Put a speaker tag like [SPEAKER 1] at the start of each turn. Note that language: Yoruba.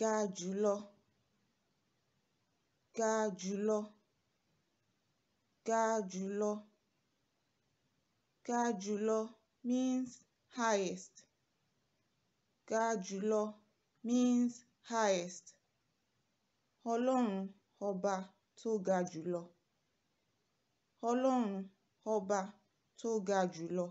[SPEAKER 1] ga jùlọ ga jùlọ ga jùlọ ga jùlọ means highest ga jùlọ means highest ọlọ́run ọba tó ga jùlọ ọlọ́run ọba tó ga
[SPEAKER 2] jùlọ